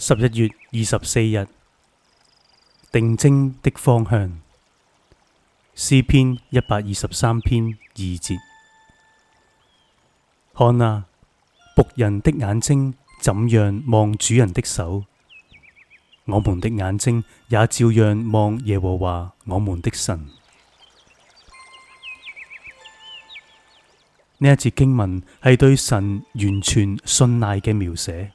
十一月二十四日，定睛的方向，詩篇一百二十三篇二節，看啊，僕人的眼睛怎樣望主人的手，我們的眼睛也照樣望耶和華我們的神。呢一節經文係對神完全信賴嘅描寫。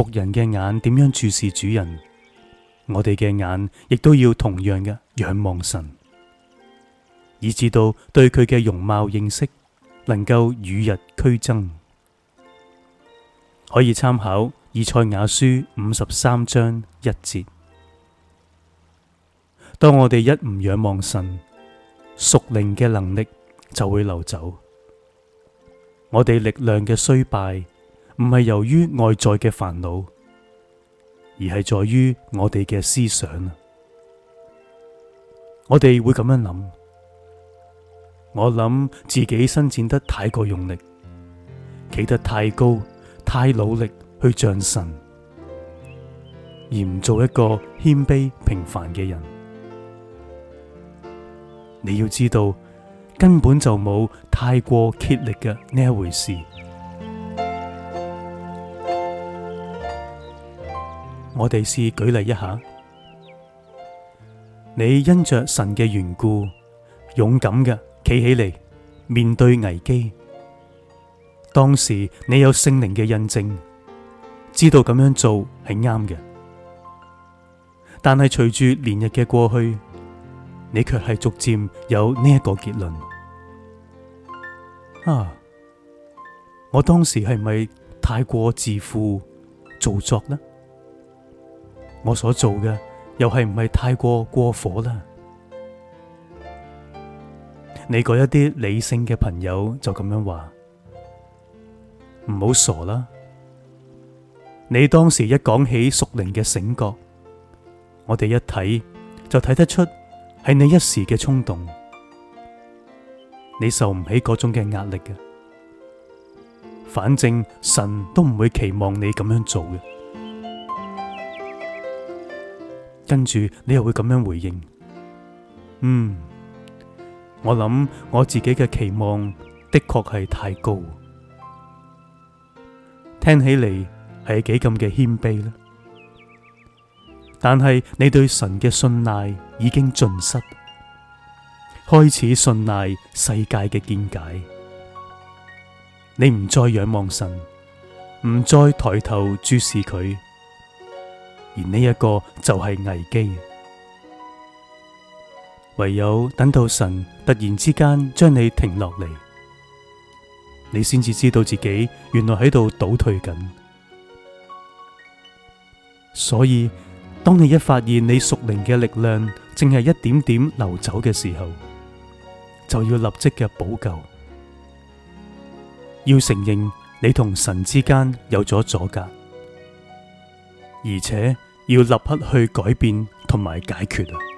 僕人嘅眼點樣注視主人？我哋嘅眼亦都要同樣嘅仰望神，以至到對佢嘅容貌認識，能夠與日俱增。可以參考以賽亞書五十三章一節。當我哋一唔仰望神，屬靈嘅能力就會流走，我哋力量嘅衰敗。唔係由於外在嘅煩惱，而係在於我哋嘅思想。我哋會咁樣諗，我諗自己伸展得太過用力，企得太高，太努力去像神，而唔做一個謙卑平凡嘅人。你要知道，根本就冇太過竭力嘅呢一回事。我哋試舉例一下，你因着神嘅緣故，勇敢嘅企起嚟面對危機。當時你有聖靈嘅印證，知道咁樣做係啱嘅。但係隨住連日嘅過去，你卻係逐漸有呢一個結論：啊，我當時係咪太過自負、做作呢？我所做嘅又係唔係太過過火啦？你嗰一啲理性嘅朋友就咁樣話：唔好傻啦！你當時一講起屬靈嘅醒覺，我哋一睇就睇得出係你一時嘅衝動，你受唔起嗰種嘅壓力嘅。反正神都唔會期望你咁樣做嘅。跟住你又會咁樣回應，嗯，我諗我自己嘅期望的確係太高，聽起嚟係幾咁嘅謙卑呢？但係你對神嘅信賴已經盡失，開始信賴世界嘅見解，你唔再仰望神，唔再抬頭注視佢。而呢一個就係危機，唯有等到神突然之間將你停落嚟，你先至知道自己原來喺度倒退緊。所以，當你一發現你屬靈嘅力量淨係一點點流走嘅時候，就要立即嘅補救，要承認你同神之間有咗阻隔，而且。要立刻去改變同埋解決。